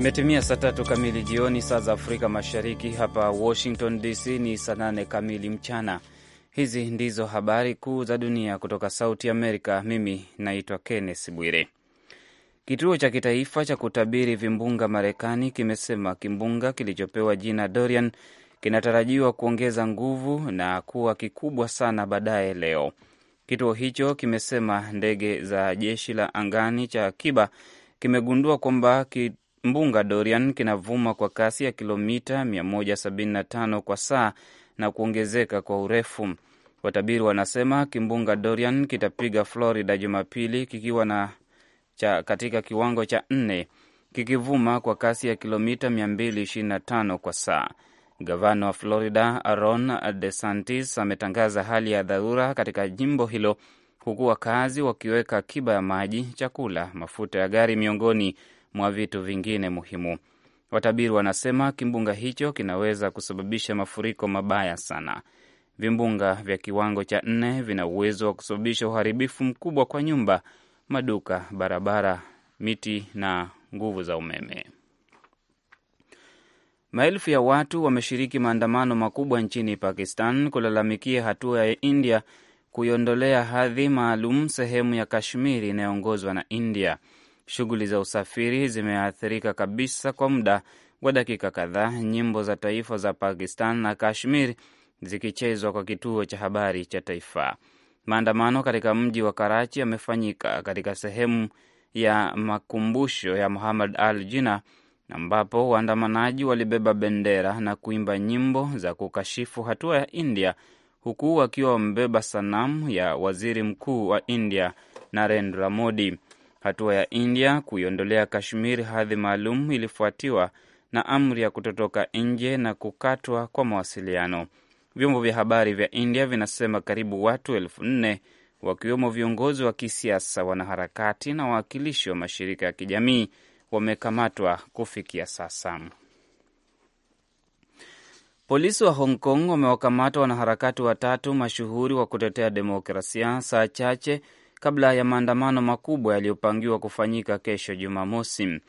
Imetimia saa tatu kamili jioni saa za Afrika Mashariki. Hapa Washington DC ni saa nane kamili mchana. Hizi ndizo habari kuu za dunia kutoka Sauti Amerika. Mimi naitwa Kenneth Bwire. Kituo cha kitaifa cha kutabiri vimbunga Marekani kimesema kimbunga kilichopewa jina Dorian kinatarajiwa kuongeza nguvu na kuwa kikubwa sana baadaye leo. Kituo hicho kimesema ndege za jeshi la angani cha akiba kimegundua kwamba Mbunga Dorian kinavuma kwa kasi ya kilomita 175 kwa saa na kuongezeka kwa urefu. Watabiri wanasema kimbunga Dorian kitapiga Florida Jumapili kikiwa na cha katika kiwango cha nne kikivuma kwa kasi ya kilomita 225 kwa saa. Gavana wa Florida Ron DeSantis ametangaza hali ya dharura katika jimbo hilo, huku wakazi wakiweka akiba ya maji, chakula, mafuta ya gari miongoni mwa vitu vingine muhimu. Watabiri wanasema kimbunga hicho kinaweza kusababisha mafuriko mabaya sana. Vimbunga vya kiwango cha nne vina uwezo wa kusababisha uharibifu mkubwa kwa nyumba, maduka, barabara, miti na nguvu za umeme. Maelfu ya watu wameshiriki maandamano makubwa nchini Pakistan kulalamikia hatua ya India kuiondolea hadhi maalum sehemu ya Kashmiri inayoongozwa na India. Shughuli za usafiri zimeathirika kabisa kwa muda wa dakika kadhaa, nyimbo za taifa za Pakistan na Kashmir zikichezwa kwa kituo cha habari cha taifa. Maandamano katika mji wa Karachi yamefanyika katika sehemu ya makumbusho ya Muhammad Al Jinnah ambapo waandamanaji walibeba bendera na kuimba nyimbo za kukashifu hatua ya India huku wakiwa wamebeba sanamu ya waziri mkuu wa India Narendra Modi. Hatua ya India kuiondolea Kashmir hadhi maalum ilifuatiwa na amri ya kutotoka nje na kukatwa kwa mawasiliano. Vyombo vya habari vya India vinasema karibu watu elfu nne wakiwemo viongozi wa kisiasa, wanaharakati na wawakilishi wa mashirika ya kijamii wamekamatwa kufikia sasa. Polisi wa Hong Kong wamewakamata wanaharakati watatu mashuhuri wa kutetea demokrasia saa chache kabla ya maandamano makubwa yaliyopangiwa kufanyika kesho Jumamosi.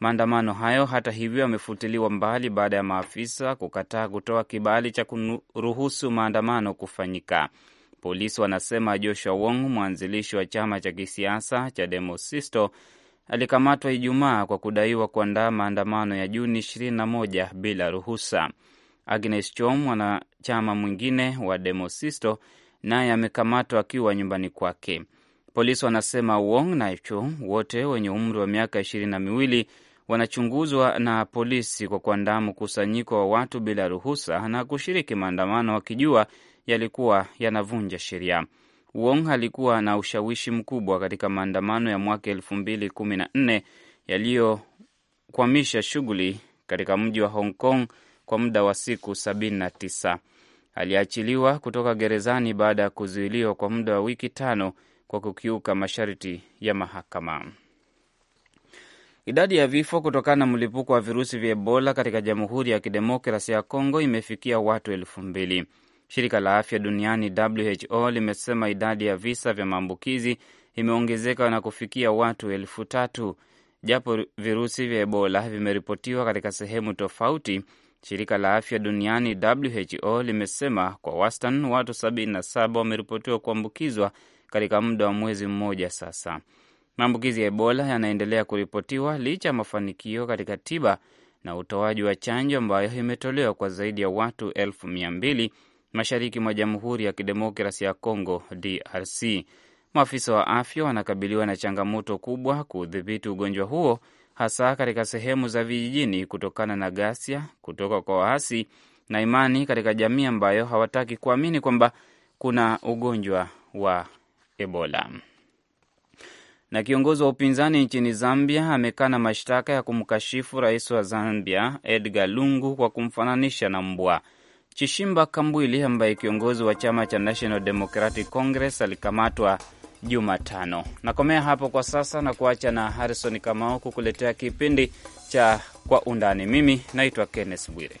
Maandamano hayo hata hivyo yamefutiliwa mbali baada ya maafisa kukataa kutoa kibali cha kuruhusu maandamano kufanyika. Polisi wanasema Joshua Wong, mwanzilishi wa chama cha kisiasa cha Demosisto, alikamatwa Ijumaa kwa kudaiwa kuandaa maandamano ya Juni 21 bila ruhusa. Agnes Chom, mwanachama mwingine wa Demosisto, naye amekamatwa akiwa nyumbani kwake. Polisi wanasema Wong na Chung wote wenye umri wa miaka ishirini na miwili wanachunguzwa na polisi kwa kuandaa mkusanyiko wa watu bila ruhusa na kushiriki maandamano wakijua yalikuwa yanavunja sheria. Wong alikuwa na ushawishi mkubwa katika maandamano ya mwaka elfu mbili kumi na nne yaliyokwamisha shughuli katika mji wa Hong Kong kwa muda wa siku 79. Aliachiliwa kutoka gerezani baada ya kuzuiliwa kwa muda wa wiki tano kwa kukiuka masharti ya mahakama. Idadi ya vifo kutokana na mlipuko wa virusi vya Ebola katika Jamhuri ya Kidemokrasia ya Kongo imefikia watu elfu mbili. Shirika la afya duniani WHO limesema idadi ya visa vya maambukizi imeongezeka na kufikia watu elfu tatu. Japo virusi vya Ebola vimeripotiwa katika sehemu tofauti, shirika la afya duniani WHO limesema kwa wastani watu 77 wameripotiwa kuambukizwa katika muda wa mwezi mmoja sasa. Maambukizi ya Ebola yanaendelea kuripotiwa licha ya mafanikio katika tiba na utoaji wa chanjo ambayo imetolewa kwa zaidi ya watu elfu mia mbili mashariki mwa Jamhuri ya Kidemokrasi ya congo DRC. Maafisa wa afya wanakabiliwa na changamoto kubwa kuudhibiti ugonjwa huo, hasa katika sehemu za vijijini, kutokana na ghasia kutoka kwa waasi na imani katika jamii ambayo hawataki kuamini kwamba kuna ugonjwa wa Ebola. Na kiongozi wa upinzani nchini Zambia amekana mashtaka ya kumkashifu rais wa Zambia Edgar Lungu kwa kumfananisha na mbwa. Chishimba Kambwili ambaye kiongozi wa chama cha National Democratic Congress alikamatwa Jumatano. Nakomea hapo kwa sasa na kuacha na Harrison Kamau kukuletea kipindi cha Kwa Undani. Mimi naitwa Kenneth Bwire.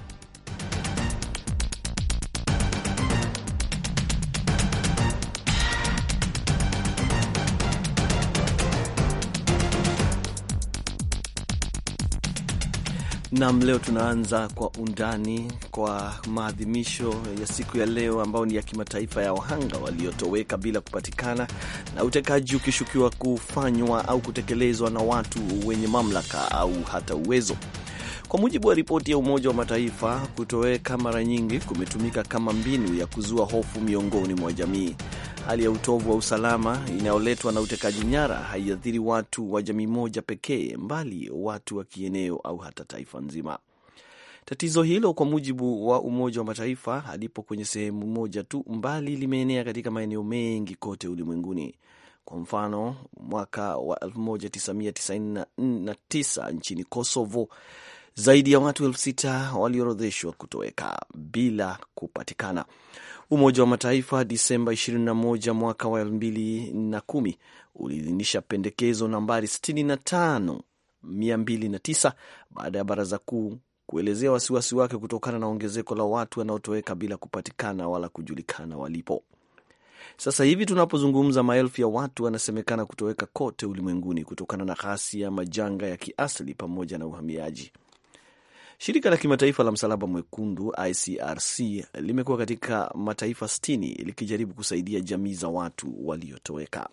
Nam, leo tunaanza kwa undani kwa maadhimisho ya siku ya leo ambayo ni ya kimataifa ya wahanga waliotoweka bila kupatikana na utekaji ukishukiwa kufanywa au kutekelezwa na watu wenye mamlaka au hata uwezo. Kwa mujibu wa ripoti ya Umoja wa Mataifa, kutoweka mara nyingi kumetumika kama mbinu ya kuzua hofu miongoni mwa jamii. Hali ya utovu wa usalama inayoletwa na utekaji nyara haiathiri watu wa jamii moja pekee, mbali watu wa kieneo au hata taifa nzima. Tatizo hilo kwa mujibu wa Umoja wa Mataifa halipo kwenye sehemu moja tu, mbali limeenea katika maeneo mengi kote ulimwenguni. Kwa mfano, mwaka wa 1999 nchini Kosovo, zaidi ya watu elfu sita waliorodheshwa kutoweka bila kupatikana. Umoja wa Mataifa Disemba 21 mwaka wa 2010 uliidhinisha pendekezo nambari 65209 baada ya baraza kuu kuelezea wasiwasi wake kutokana na ongezeko la watu wanaotoweka bila kupatikana wala kujulikana walipo. Sasa hivi tunapozungumza, maelfu ya watu wanasemekana kutoweka kote ulimwenguni kutokana na ghasia, majanga ya kiasili pamoja na uhamiaji. Shirika la kimataifa la Msalaba Mwekundu ICRC limekuwa katika mataifa 60 likijaribu kusaidia jamii za watu waliotoweka.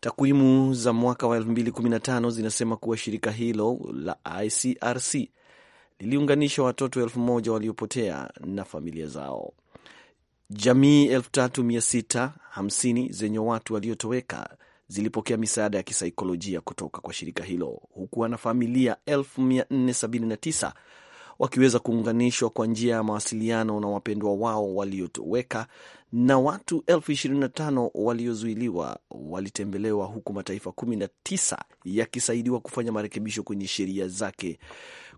Takwimu za mwaka wa 2015 zinasema kuwa shirika hilo la ICRC liliunganisha watoto elfu moja waliopotea na familia zao. Jamii 3650 zenye watu waliotoweka zilipokea misaada ya kisaikolojia kutoka kwa shirika hilo, huku wanafamilia 479 wakiweza kuunganishwa kwa njia ya mawasiliano na wapendwa wao waliotoweka, na watu 25 waliozuiliwa walitembelewa, huku mataifa 19 yakisaidiwa kufanya marekebisho kwenye sheria zake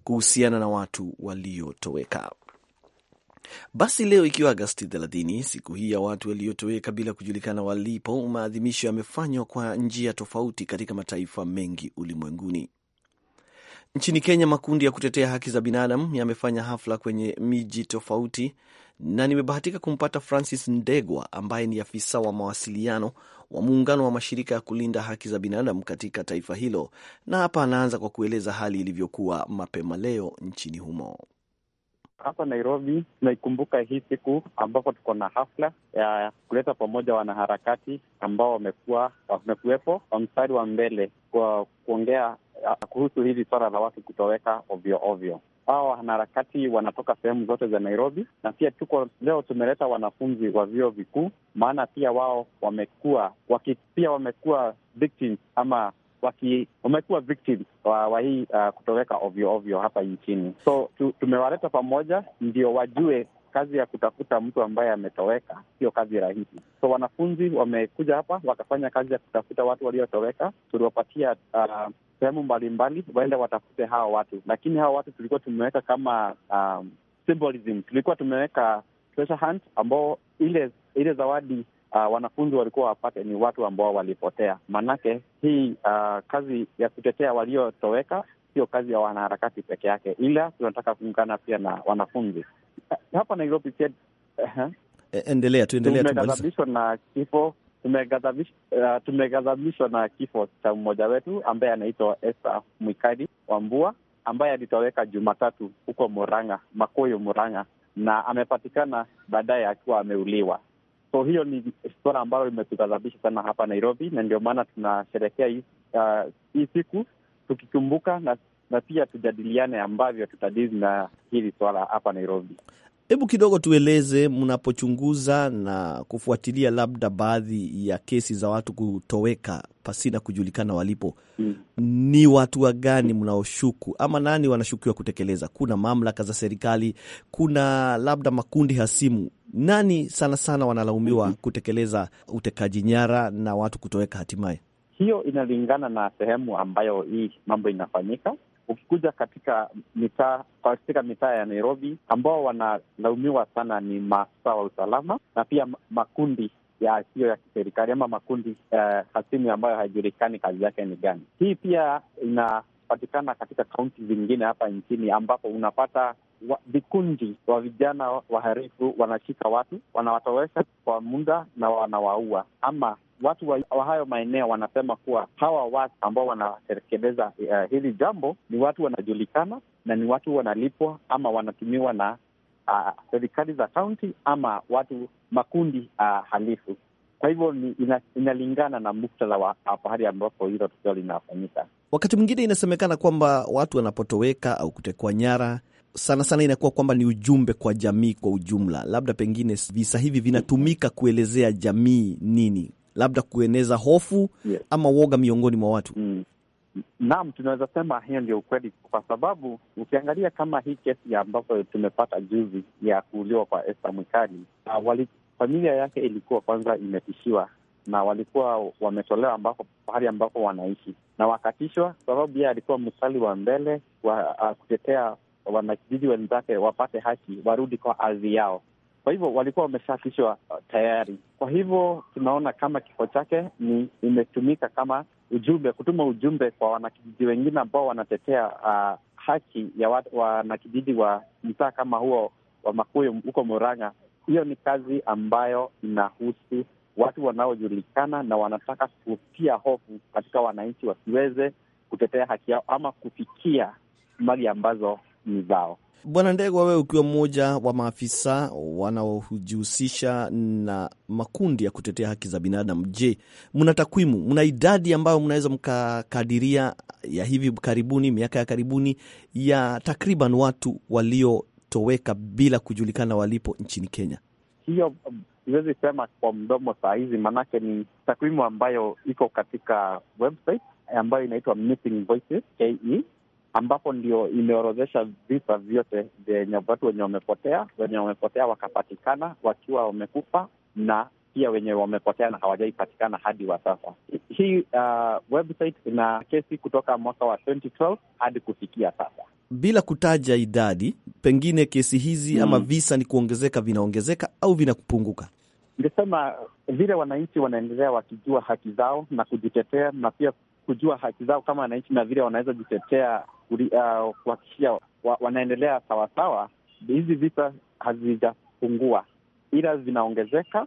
kuhusiana na watu waliotoweka. Basi leo ikiwa Agasti 30, siku hii ya watu waliotoweka bila kujulikana walipo, maadhimisho yamefanywa kwa njia tofauti katika mataifa mengi ulimwenguni. Nchini Kenya, makundi ya kutetea haki za binadamu yamefanya hafla kwenye miji tofauti, na nimebahatika kumpata Francis Ndegwa ambaye ni afisa wa mawasiliano wa muungano wa mashirika ya kulinda haki za binadamu katika taifa hilo, na hapa anaanza kwa kueleza hali ilivyokuwa mapema leo nchini humo. Hapa Nairobi tunaikumbuka hii siku ambapo tuko na hafla ya kuleta pamoja wanaharakati ambao wamekuwa wamekuwepo wa mstari wa mbele kwa kuongea ah, kuhusu hili swala la watu kutoweka ovyo ovyo. Hawa wanaharakati wanatoka sehemu zote za Nairobi, na pia tuko leo tumeleta wanafunzi wa vyuo vikuu, maana pia wao wamekuwa pia wamekuwa victims ama wamekuwa victims wa, wa hii uh, kutoweka ovyo ovyo hapa nchini. So tu, tumewaleta pamoja ndio wajue kazi ya kutafuta mtu ambaye ametoweka sio kazi rahisi. So wanafunzi wamekuja hapa wakafanya kazi ya kutafuta watu waliotoweka, tuliwapatia uh, sehemu mbalimbali waende watafute hawa watu, lakini hawa watu tulikuwa tumeweka kama um, symbolism, tulikuwa tumeweka treasure hunt ambao ile ile zawadi uh, wanafunzi walikuwa wapate ni watu ambao walipotea. Maanake hii uh, kazi ya kutetea waliotoweka sio kazi ya wanaharakati peke yake, ila tunataka kuungana pia na wanafunzi hapa Nairobi pia. E, endelea tu, endelea tumeghadhabishwa na kifo uh, ah, tumeghadhabishwa na kifo cha mmoja wetu ambaye anaitwa Esther Mwikadi wa mbua ambaye alitoweka Jumatatu huko Murang'a, Makoyo Murang'a, na amepatikana baadaye akiwa ameuliwa. So hiyo ni suala ambalo limetughadhabisha sana hapa Nairobi, na ndio maana tunasherehekea hii uh, siku tukikumbuka na, na pia tujadiliane ambavyo tutadizi na hili swala hapa Nairobi. Hebu kidogo tueleze, mnapochunguza na kufuatilia labda baadhi ya kesi za watu kutoweka pasina kujulikana walipo, mm, ni watu gani mnaoshuku ama nani wanashukiwa kutekeleza? Kuna mamlaka za serikali, kuna labda makundi hasimu, nani sana sana wanalaumiwa mm -hmm, kutekeleza utekaji nyara na watu kutoweka hatimaye? Hiyo inalingana na sehemu ambayo hii mambo inafanyika Ukikuja katika mitaa katika mitaa ya Nairobi, ambao wanalaumiwa sana ni maafisa wa usalama na pia makundi yasiyo ya, ya kiserikali ama makundi uh, hasimu ambayo haijulikani kazi yake ni gani. Hii pia inapatikana katika kaunti zingine hapa nchini ambapo unapata vikundi wa, wa vijana waharifu wanashika watu wanawatowesha kwa muda na wanawaua ama watu wa, wa hayo maeneo wanasema kuwa hawa watu ambao wanatekeleza uh, eh, hili jambo ni watu wanajulikana na ni watu wanalipwa ama wanatumiwa na uh, serikali za kaunti ama watu makundi uh, halifu. Kwa hivyo ina, inalingana na muktadha wa pahali ambapo hilo tukio linafanyika. Wakati mwingine inasemekana kwamba watu wanapotoweka au kutekwa nyara sana sana inakuwa kwamba ni ujumbe kwa jamii kwa ujumla. Labda pengine visa hivi vinatumika kuelezea jamii nini, labda kueneza hofu yes, ama woga miongoni mwa watu mm. Naam, tunaweza sema hiyo ndio ukweli, kwa sababu ukiangalia kama hii kesi ambapo tumepata juzi ya kuuliwa kwa Esther Mwikali, familia yake ilikuwa kwanza imetishiwa na walikuwa wametolewa ambako pahali ambapo wanaishi na wakatishwa, sababu yeye alikuwa mstari wa mbele wa uh, kutetea wanakijiji wenzake wapate haki, warudi kwa ardhi yao. Kwa hivyo walikuwa wamesafishwa uh, tayari. Kwa hivyo tunaona kama kifo chake ni imetumika kama ujumbe, kutuma ujumbe kwa wanakijiji wengine ambao wanatetea uh, haki ya wanakijiji wa mtaa kama huo wa Makuyu huko Murang'a. Hiyo ni kazi ambayo inahusu watu wanaojulikana na wanataka kutia hofu katika wananchi wasiweze kutetea haki yao ama kufikia mali ambazo rasmi zao. Bwana Ndegwa, wewe ukiwa mmoja wa maafisa wanaojihusisha na makundi ya kutetea haki za binadamu, je, mna takwimu, mna idadi ambayo mnaweza mkakadiria ya hivi karibuni, miaka ya karibuni, ya takriban watu waliotoweka bila kujulikana walipo nchini Kenya? Hiyo siwezi sema kwa mdomo saa hizi, maanake ni takwimu ambayo iko katika website ambayo inaitwa Missing Voices KE ambapo ndio imeorodhesha visa vyote vyenye watu wenye wamepotea, wenye wamepotea wakapatikana wakiwa wamekufa na pia wenye wamepotea na hawajaipatikana hadi wa sasa. Hii uh, website ina kesi kutoka mwaka wa 2012 hadi kufikia sasa, bila kutaja idadi. Pengine kesi hizi mm, ama hmm. visa ni kuongezeka, vinaongezeka au vinakupunguka Ningesema vile wananchi wanaendelea wakijua haki zao na kujitetea, na pia kujua haki zao kama wananchi na vile wanaweza jitetea kuhakikishia uh, wanaendelea sawasawa. Hizi visa hazijapungua, ila zinaongezeka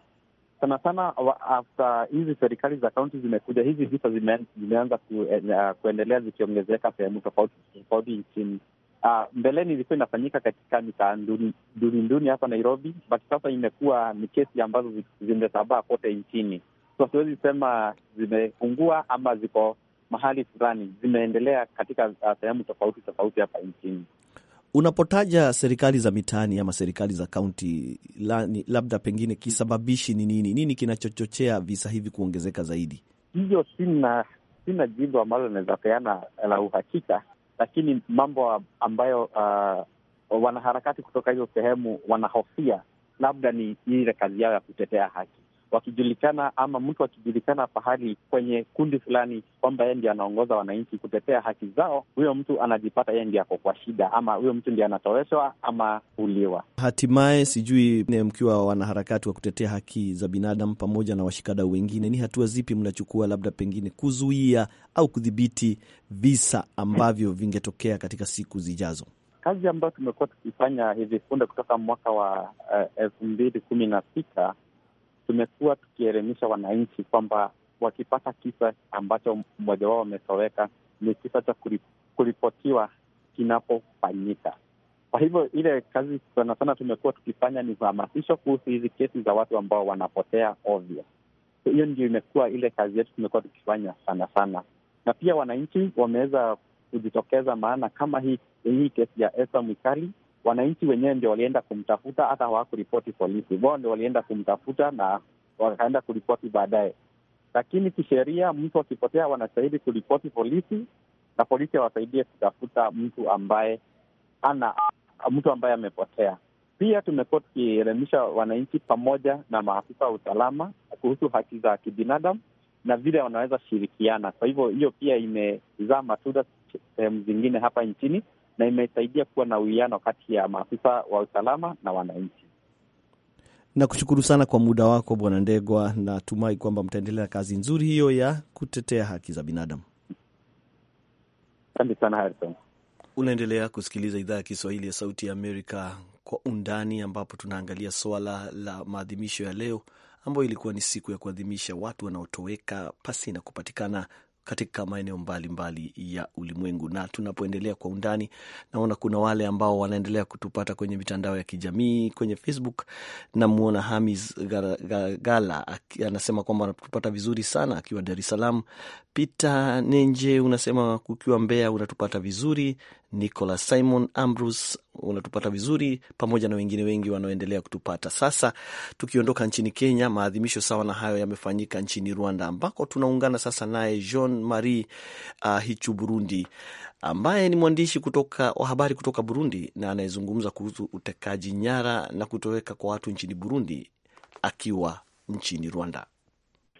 sana sana afta hizi serikali za kaunti zimekuja, hizi visa zimeanza ku, eh, uh, kuendelea zikiongezeka sehemu tofauti tofauti nchini. Uh, mbeleni ilikuwa inafanyika katika mitaa duni duni hapa Nairobi, but sasa imekuwa ni kesi ambazo zimesambaa kote nchini, so siwezi sema zimepungua ama ziko mahali fulani, zimeendelea katika uh, sehemu tofauti tofauti hapa nchini. Unapotaja serikali za mitaani ama serikali za kaunti, labda pengine kisababishi ni nini? Nini kinachochochea visa hivi kuongezeka zaidi? Hiyo sina sina jibu ambalo inaweza peana la uhakika, lakini mambo ambayo uh, wanaharakati kutoka hizo sehemu wanahofia labda ni ile kazi yao ya kutetea haki wakijulikana ama mtu akijulikana pahali kwenye kundi fulani kwamba yeye ndio anaongoza wananchi kutetea haki zao, huyo mtu anajipata yeye ndiye ako kwa shida, ama huyo mtu ndio anatoweshwa ama uliwa hatimaye. Sijui eh, mkiwa wanaharakati wa kutetea haki za binadamu pamoja na washikadau wengine, ni hatua zipi mnachukua labda pengine kuzuia au kudhibiti visa ambavyo vingetokea katika siku zijazo? Kazi ambayo tumekuwa tukifanya hivi punde kutoka mwaka wa eh, elfu uh, mbili kumi na sita tumekuwa tukielimisha wananchi kwamba wakipata kisa ambacho mmoja wao wametoweka, ni kisa cha kuripotiwa kinapofanyika. Kwa hivyo ile kazi sana sana tumekuwa tukifanya ni uhamasisho kuhusu hizi kesi za watu ambao wanapotea ovyo. Hiyo ndio imekuwa ile kazi yetu tumekuwa tukifanya sana sana, na pia wananchi wameweza kujitokeza, maana kama hii hii kesi ya Esa Mwikali wananchi wenyewe ndio walienda kumtafuta, hata hawakuripoti polisi, wao ndio walienda kumtafuta na wakaenda kuripoti baadaye. Lakini kisheria, mtu akipotea wanastahili kuripoti polisi na polisi awasaidie kutafuta mtu ambaye ana mtu ambaye amepotea. Pia tumekuwa tukielimisha wananchi pamoja na maafisa wa usalama kuhusu haki za kibinadamu na vile wanaweza shirikiana. Kwa hivyo hiyo pia imezaa matunda sehemu zingine hapa nchini, na imesaidia kuwa na uwiano kati ya maafisa wa usalama na wananchi. Nakushukuru sana kwa muda wako Bwana Ndegwa, natumai kwamba mtaendelea kazi nzuri hiyo ya kutetea haki za binadamu. Asante sana Harrison. Unaendelea kusikiliza idhaa ya Kiswahili ya Sauti ya Amerika kwa undani, ambapo tunaangalia suala la maadhimisho ya leo ambayo ilikuwa ni siku ya kuadhimisha watu wanaotoweka pasi na kupatikana katika maeneo mbalimbali ya ulimwengu. Na tunapoendelea kwa undani, naona kuna wale ambao wanaendelea kutupata kwenye mitandao ya kijamii kwenye Facebook. Namwona Hamis Gala anasema kwamba anatupata vizuri sana akiwa Dar es Salaam. Peter Nenje unasema kukiwa Mbeya unatupata vizuri. Nicolas Simon Ambrus, unatupata vizuri, pamoja na wengine wengi wanaoendelea kutupata. Sasa tukiondoka nchini Kenya, maadhimisho sawa na hayo yamefanyika nchini Rwanda, ambako tunaungana sasa naye Jean Marie uh, Hichu Burundi, ambaye ni mwandishi kutoka wa habari kutoka Burundi na anayezungumza kuhusu utekaji nyara na kutoweka kwa watu nchini Burundi akiwa nchini Rwanda.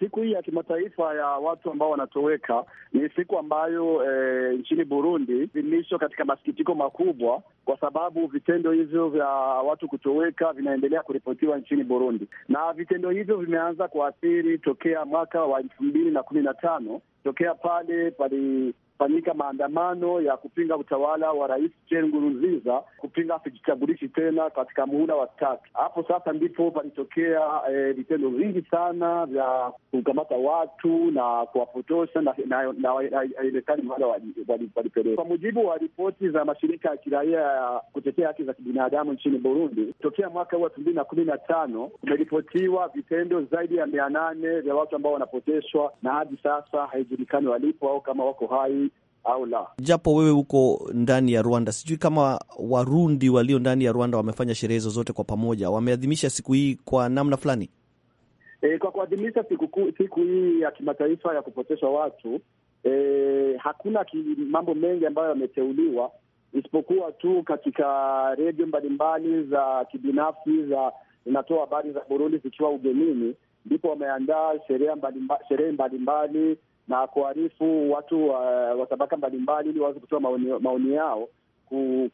Siku hii ya kimataifa ya watu ambao wanatoweka ni siku ambayo e, nchini Burundi zilisho katika masikitiko makubwa, kwa sababu vitendo hivyo vya watu kutoweka vinaendelea kuripotiwa nchini Burundi, na vitendo hivyo vimeanza kuathiri tokea mwaka wa elfu mbili na kumi na tano tokea pale pali kufanyika maandamano ya kupinga utawala wa Rais Pierre Nkurunziza, kupinga asijichagulishi tena katika muhula wa tatu. Hapo sasa ndipo palitokea eh, vitendo e, vingi sana vya kukamata watu na kuwapotosha na haiwezekani mahala walipeleka. Kwa mujibu wa ripoti za mashirika ya kiraia ya kutetea haki za kibinadamu nchini Burundi, tokea mwaka huu elfu mbili na kumi na tano kumeripotiwa vitendo zaidi ya mia nane vya watu ambao wanapoteshwa na hadi sasa haijulikani walipo au kama wako hai au la. Japo wewe huko ndani ya Rwanda, sijui kama Warundi walio ndani ya Rwanda wamefanya sherehe zozote kwa pamoja, wameadhimisha siku hii kwa namna fulani. E, kwa kuadhimisha siku, siku hii ya kimataifa ya kupoteshwa watu e, hakuna ki, mambo mengi ambayo yameteuliwa isipokuwa tu katika redio mbalimbali za kibinafsi za zinatoa habari za Burundi zikiwa ugenini, ndipo wameandaa sherehe mbalimbali na kuarifu watu uh, wa tabaka mbalimbali ili waweze kutoa maoni, maoni yao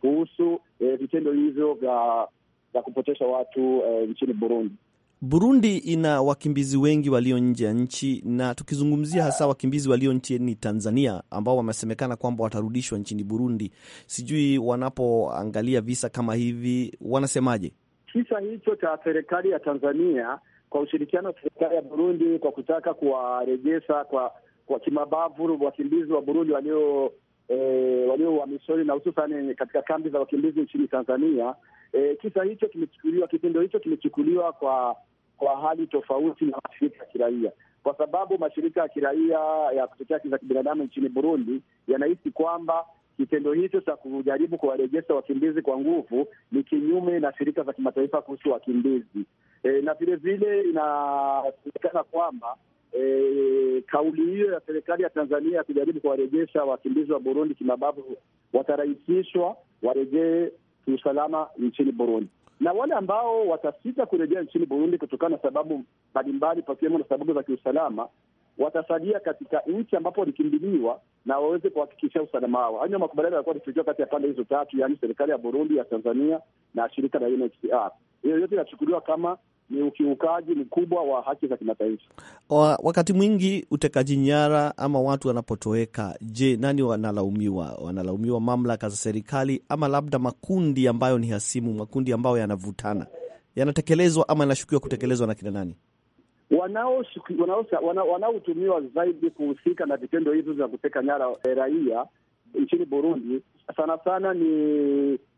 kuhusu eh, vitendo hivyo vya vya kupotesha watu eh, nchini Burundi. Burundi ina wakimbizi wengi walio nje ya nchi, na tukizungumzia hasa wakimbizi walio nchini Tanzania ambao wamesemekana kwamba watarudishwa nchini Burundi, sijui wanapoangalia visa kama hivi wanasemaje? Kisa hicho cha serikali ya Tanzania kwa ushirikiano wa serikali ya Burundi kwa kutaka kuwarejesha kwa kwa kimabavu wakimbizi wa Burundi walio e, walio uhamishoni na hususan eh, katika kambi za wakimbizi nchini Tanzania. E, kisa hicho kimechukuliwa, kitendo hicho kimechukuliwa kwa kwa hali tofauti na mashirika ya kiraia, kwa sababu mashirika ya kiraia ya kutetea haki za kibinadamu nchini Burundi yanahisi kwamba kitendo hicho cha kujaribu kuwarejesha wakimbizi kwa nguvu ni kinyume na shirika za kimataifa kuhusu wakimbizi. E, na vilevile inasemekana kwamba e, kauli hiyo ya serikali ya Tanzania ya kujaribu kuwarejesha wakimbizi wa Burundi kimabavu watarahisishwa warejee kiusalama nchini Burundi, na wale ambao watasita kurejea nchini Burundi kutokana na sababu mbalimbali, pakiwemo na sababu za kiusalama, watasalia katika nchi ambapo walikimbiliwa na waweze kuhakikisha usalama wao. Hayo makubaliano yalikuwa yakifikiwa kati ya pande hizo tatu, yaani serikali ya Burundi, ya Tanzania na shirika la UNHCR. Hiyo yote inachukuliwa kama ni ukiukaji mkubwa wa haki za kimataifa. Wakati mwingi utekaji nyara ama watu wanapotoweka, je, nani wanalaumiwa? Wanalaumiwa mamlaka za serikali ama labda makundi ambayo ni hasimu, makundi ambayo yanavutana, yanatekelezwa ama yanashukiwa kutekelezwa na kina nani? Wanaotumiwa zaidi kuhusika na vitendo hivyo vya kuteka nyara eh, raia nchini Burundi sana sana ni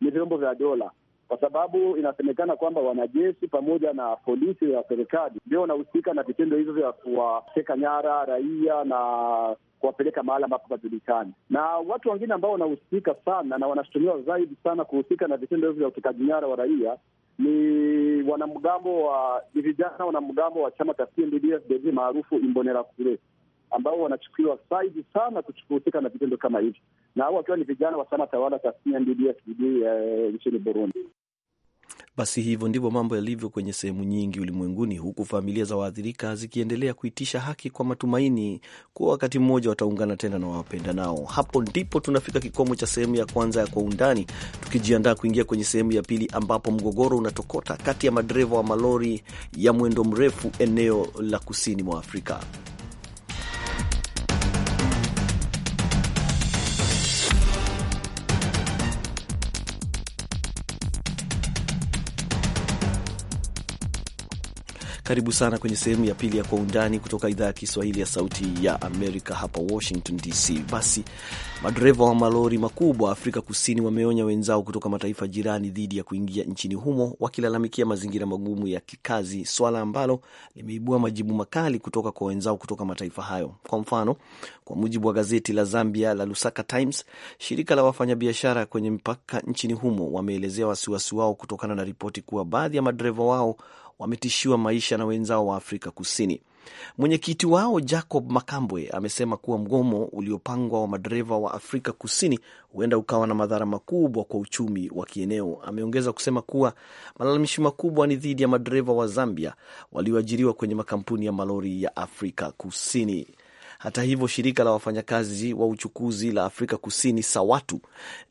ni vyombo vya dola kwa sababu inasemekana kwamba wanajeshi pamoja na polisi wa serikali ndio wanahusika na vitendo hivyo vya kuwateka nyara raia na kuwapeleka mahala ambapo pajulikani. Na watu wengine ambao wanahusika sana na wanashutumiwa zaidi sana kuhusika na vitendo hivyo vya utekaji nyara wa raia ni wanamgambo wa ni vijana wanamgambo wa chama cha CNDD-FDD maarufu Imbonerakure ambao wanachukiwa saidi sana kuhusika na vitendo kama hivi, na hao wakiwa ni vijana wa chama tawala cha CNDD-FDD eh, nchini Burundi. Basi hivyo ndivyo mambo yalivyo kwenye sehemu nyingi ulimwenguni, huku familia za waathirika zikiendelea kuitisha haki kwa matumaini kuwa wakati mmoja wataungana tena na wawapenda nao. Hapo ndipo tunafika kikomo cha sehemu ya kwanza ya Kwa Undani, tukijiandaa kuingia kwenye sehemu ya pili, ambapo mgogoro unatokota kati ya madereva wa malori ya mwendo mrefu eneo la kusini mwa Afrika. Karibu sana kwenye sehemu ya pili ya Kwa Undani kutoka idhaa ya Kiswahili ya Sauti ya Amerika hapa Washington DC. Basi, madereva wa malori makubwa Afrika Kusini wameonya wenzao kutoka mataifa jirani dhidi ya kuingia nchini humo, wakilalamikia mazingira magumu ya kikazi, swala ambalo limeibua majibu makali kutoka kwa wenzao kutoka mataifa hayo. Kwa mfano, kwa mujibu wa gazeti la Zambia la Lusaka Times, shirika la wafanyabiashara kwenye mpaka nchini humo wameelezea wasiwasi wao kutokana na ripoti kuwa baadhi ya madereva wao wametishiwa maisha na wenzao wa Afrika Kusini. Mwenyekiti wao Jacob Makambwe amesema kuwa mgomo uliopangwa wa madereva wa Afrika Kusini huenda ukawa na madhara makubwa kwa uchumi wa kieneo. Ameongeza kusema kuwa malalamishi makubwa ni dhidi ya madereva wa Zambia walioajiriwa kwenye makampuni ya malori ya Afrika Kusini. Hata hivyo, shirika la wafanyakazi wa uchukuzi la Afrika Kusini SAWATU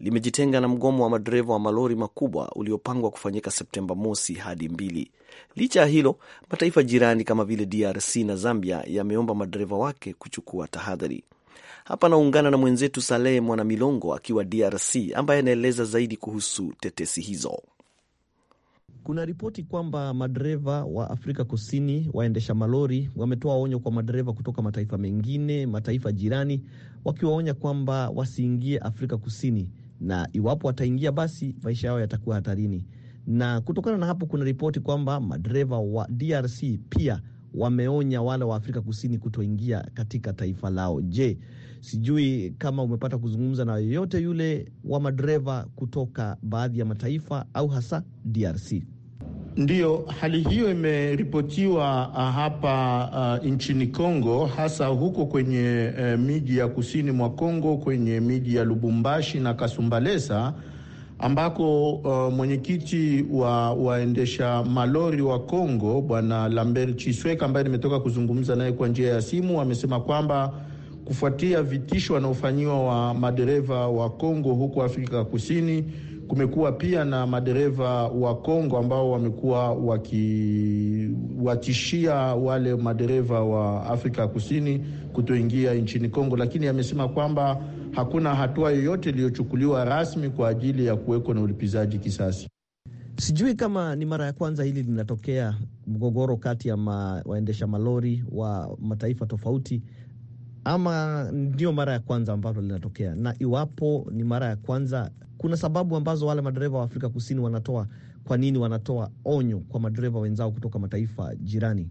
limejitenga na mgomo wa madereva wa malori makubwa uliopangwa kufanyika Septemba mosi hadi mbili. Licha ya hilo, mataifa jirani kama vile DRC na Zambia yameomba madereva wake kuchukua tahadhari. Hapa anaungana na mwenzetu Salehe mwanamilongo akiwa DRC, ambaye anaeleza zaidi kuhusu tetesi hizo. Kuna ripoti kwamba madereva wa Afrika Kusini waendesha malori wametoa onyo kwa madereva kutoka mataifa mengine, mataifa jirani, wakiwaonya kwamba wasiingie Afrika Kusini, na iwapo wataingia, basi maisha yao yatakuwa hatarini. Na kutokana na hapo, kuna ripoti kwamba madereva wa DRC pia wameonya wale wa Afrika Kusini kutoingia katika taifa lao. Je, sijui kama umepata kuzungumza na yoyote yule wa madereva kutoka baadhi ya mataifa au hasa DRC? Ndiyo, hali hiyo imeripotiwa ah, hapa uh, nchini Kongo, hasa huko kwenye uh, miji ya kusini mwa Kongo, kwenye miji ya Lubumbashi na Kasumbalesa ambako uh, mwenyekiti wa waendesha malori wa Kongo Bwana Lambert Chisweka ambaye nimetoka kuzungumza naye kwa njia ya simu amesema kwamba kufuatia vitisho wanaofanyiwa wa madereva wa Kongo huko Afrika Kusini Kumekuwa pia na madereva wa Kongo ambao wamekuwa wakiwatishia wale madereva wa Afrika Kusini kutoingia nchini Kongo, lakini amesema kwamba hakuna hatua yoyote iliyochukuliwa rasmi kwa ajili ya kuwekwa na ulipizaji kisasi. Sijui kama ni mara ya kwanza hili linatokea, mgogoro kati ya ma, waendesha malori wa mataifa tofauti ama ndio mara ya kwanza ambalo linatokea? Na iwapo ni mara ya kwanza, kuna sababu ambazo wale madereva wa Afrika Kusini wanatoa, kwa nini wanatoa onyo kwa madereva wenzao kutoka mataifa jirani?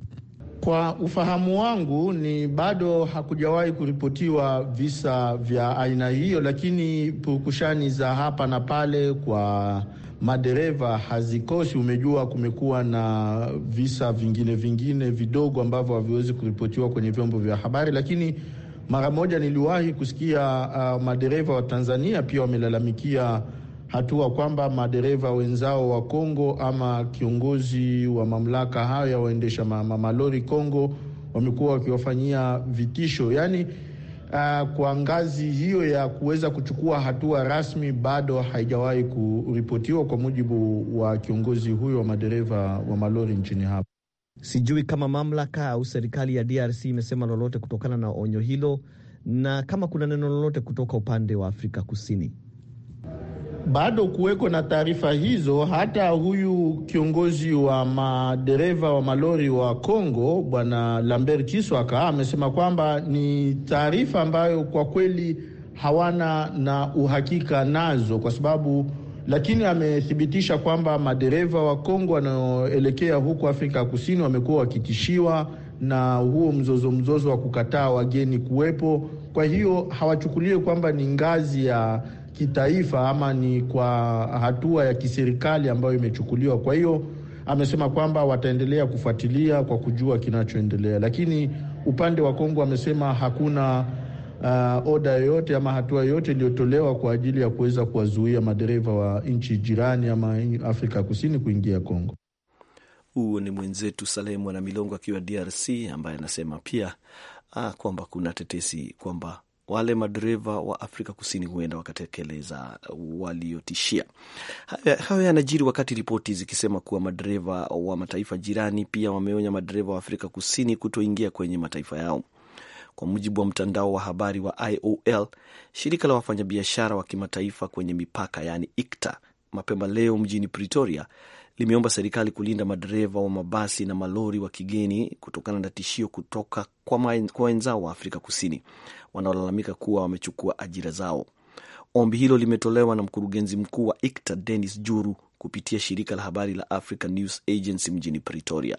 Kwa ufahamu wangu ni bado hakujawahi kuripotiwa visa vya aina hiyo, lakini purukushani za hapa na pale kwa madereva hazikosi. Umejua, kumekuwa na visa vingine vingine vidogo ambavyo haviwezi kuripotiwa kwenye vyombo vya habari, lakini mara moja niliwahi kusikia uh, madereva wa Tanzania pia wamelalamikia hatua kwamba madereva wenzao wa Kongo ama kiongozi wa mamlaka hayo ya waendesha malori Kongo wamekuwa wakiwafanyia vitisho. Yaani uh, kwa ngazi hiyo ya kuweza kuchukua hatua rasmi bado haijawahi kuripotiwa kwa mujibu wa kiongozi huyo wa madereva wa malori nchini hapa. Sijui kama mamlaka au serikali ya DRC imesema lolote kutokana na onyo hilo na kama kuna neno lolote kutoka upande wa Afrika Kusini bado kuweko na taarifa hizo. Hata huyu kiongozi wa madereva wa malori wa Kongo bwana Lambert Kiswaka amesema kwamba ni taarifa ambayo kwa kweli hawana na uhakika nazo, kwa sababu lakini amethibitisha kwamba madereva wa Kongo wanaoelekea huko Afrika ya Kusini wamekuwa wakitishiwa na huo mzozo mzozo wa kukataa wageni kuwepo. Kwa hiyo hawachukuliwe kwamba ni ngazi ya kitaifa ama ni kwa hatua ya kiserikali ambayo imechukuliwa. Kwa hiyo amesema kwamba wataendelea kufuatilia kwa kujua kinachoendelea, lakini upande wa Kongo amesema hakuna uh, oda yoyote ama hatua yoyote iliyotolewa kwa ajili ya kuweza kuwazuia madereva wa nchi jirani ama Afrika Kusini kuingia Kongo. huu ni mwenzetu Salehe Mwana Milongo akiwa DRC, ambaye anasema pia ah, kwamba kuna tetesi kwamba wale madereva wa Afrika Kusini huenda wakatekeleza waliotishia. Hayo yanajiri wakati ripoti zikisema kuwa madereva wa mataifa jirani pia wameonya madereva wa Afrika Kusini kutoingia kwenye mataifa yao kwa mujibu wa mtandao wa habari wa IOL, shirika la wafanyabiashara wa kimataifa kwenye mipaka yaani ICTA, mapema leo mjini Pretoria limeomba serikali kulinda madereva wa mabasi na malori wa kigeni kutokana na tishio kutoka kwa wenzao wa Afrika Kusini wanaolalamika kuwa wamechukua ajira zao. Ombi hilo limetolewa na mkurugenzi mkuu wa ICTA Dennis Juru kupitia shirika la habari la African News Agency mjini Pretoria.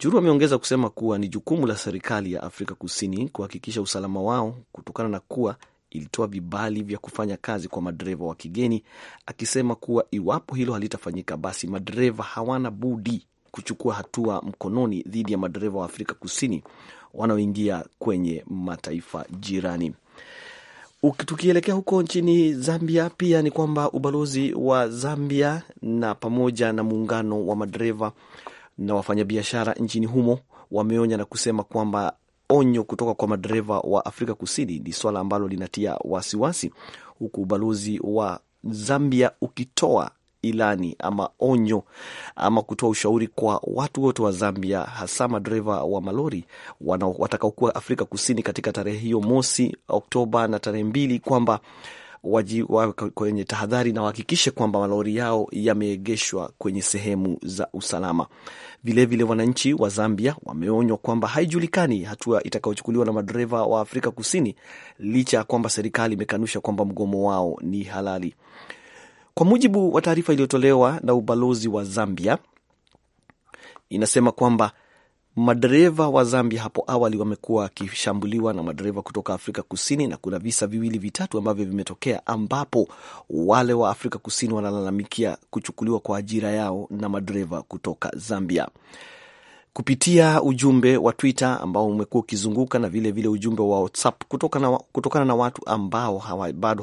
Juru ameongeza kusema kuwa ni jukumu la serikali ya Afrika Kusini kuhakikisha usalama wao kutokana na kuwa ilitoa vibali vya kufanya kazi kwa madereva wa kigeni, akisema kuwa iwapo hilo halitafanyika, basi madereva hawana budi kuchukua hatua mkononi dhidi ya madereva wa Afrika Kusini wanaoingia kwenye mataifa jirani. Tukielekea huko nchini Zambia, pia ni kwamba ubalozi wa Zambia na pamoja na muungano wa madereva na wafanyabiashara nchini humo wameonya na kusema kwamba onyo kutoka kwa madereva wa Afrika Kusini ni swala ambalo linatia wasiwasi wasi, huku ubalozi wa Zambia ukitoa ilani ama onyo ama kutoa ushauri kwa watu wote wa Zambia, hasa madereva wa malori watakaokuwa Afrika Kusini katika tarehe hiyo mosi Oktoba na tarehe mbili kwamba wajiwa kwenye tahadhari na wahakikishe kwamba malori yao yameegeshwa kwenye sehemu za usalama. Vilevile vile wananchi wa Zambia wameonywa kwamba haijulikani hatua itakayochukuliwa na madereva wa Afrika Kusini licha ya kwamba serikali imekanusha kwamba mgomo wao ni halali. Kwa mujibu wa taarifa iliyotolewa na ubalozi wa Zambia, inasema kwamba Madereva wa Zambia hapo awali wamekuwa wakishambuliwa na madereva kutoka Afrika Kusini, na kuna visa viwili vitatu ambavyo vimetokea ambapo wale wa Afrika Kusini wanalalamikia kuchukuliwa kwa ajira yao na madereva kutoka Zambia kupitia ujumbe wa Twitter ambao umekuwa ukizunguka na vilevile vile ujumbe wa WhatsApp kutokana na, kutoka na watu ambao hawa, bado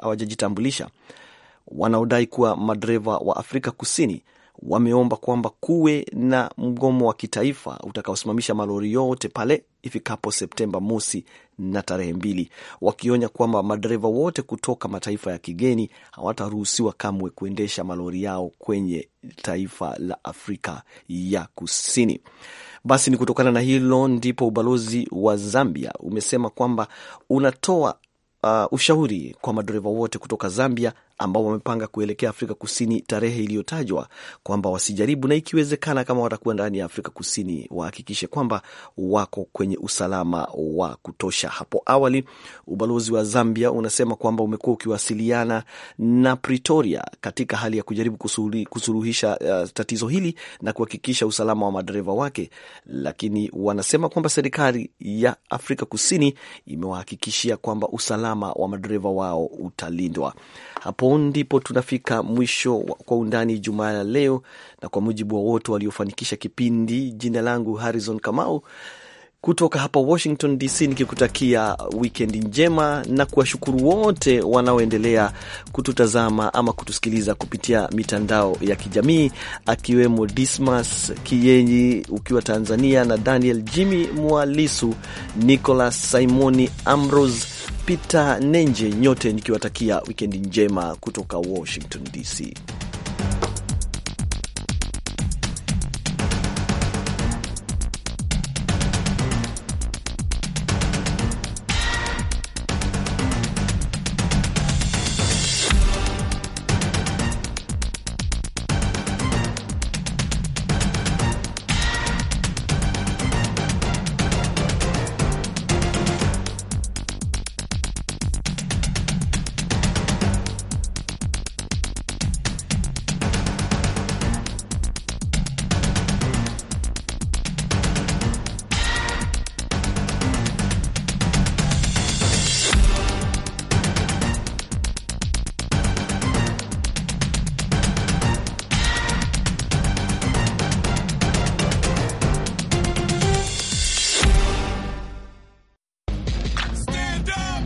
hawajajitambulisha wanaodai kuwa madereva wa Afrika Kusini wameomba kwamba kuwe na mgomo wa kitaifa utakaosimamisha malori yote pale ifikapo Septemba mosi na tarehe mbili, wakionya kwamba madereva wote kutoka mataifa ya kigeni hawataruhusiwa kamwe kuendesha malori yao kwenye taifa la Afrika ya Kusini. Basi ni kutokana na hilo ndipo ubalozi wa Zambia umesema kwamba unatoa uh, ushauri kwa madereva wote kutoka Zambia ambao wamepanga kuelekea Afrika Kusini tarehe iliyotajwa kwamba wasijaribu, na ikiwezekana kama watakuwa ndani ya Afrika Kusini wahakikishe kwamba wako kwenye usalama wa kutosha. Hapo awali ubalozi wa Zambia unasema kwamba umekuwa ukiwasiliana na Pretoria katika hali ya kujaribu kusuluhisha uh, tatizo hili na kuhakikisha usalama wa madereva wake, lakini wanasema kwamba serikali ya Afrika Kusini imewahakikishia kwamba usalama wa madereva wao utalindwa hapo hapo ndipo tunafika mwisho Kwa Undani Jumaa ya leo, na kwa mujibu wa wote waliofanikisha kipindi, jina langu Harrison Kamau kutoka hapa Washington DC, nikikutakia wikendi njema na kuwashukuru wote wanaoendelea kututazama ama kutusikiliza kupitia mitandao ya kijamii, akiwemo Dismas Kienyi ukiwa Tanzania, na Daniel Jimmy Mwalisu, Nicolas Simoni, Ambrose Peter Nenje, nyote nikiwatakia wikendi njema kutoka Washington DC.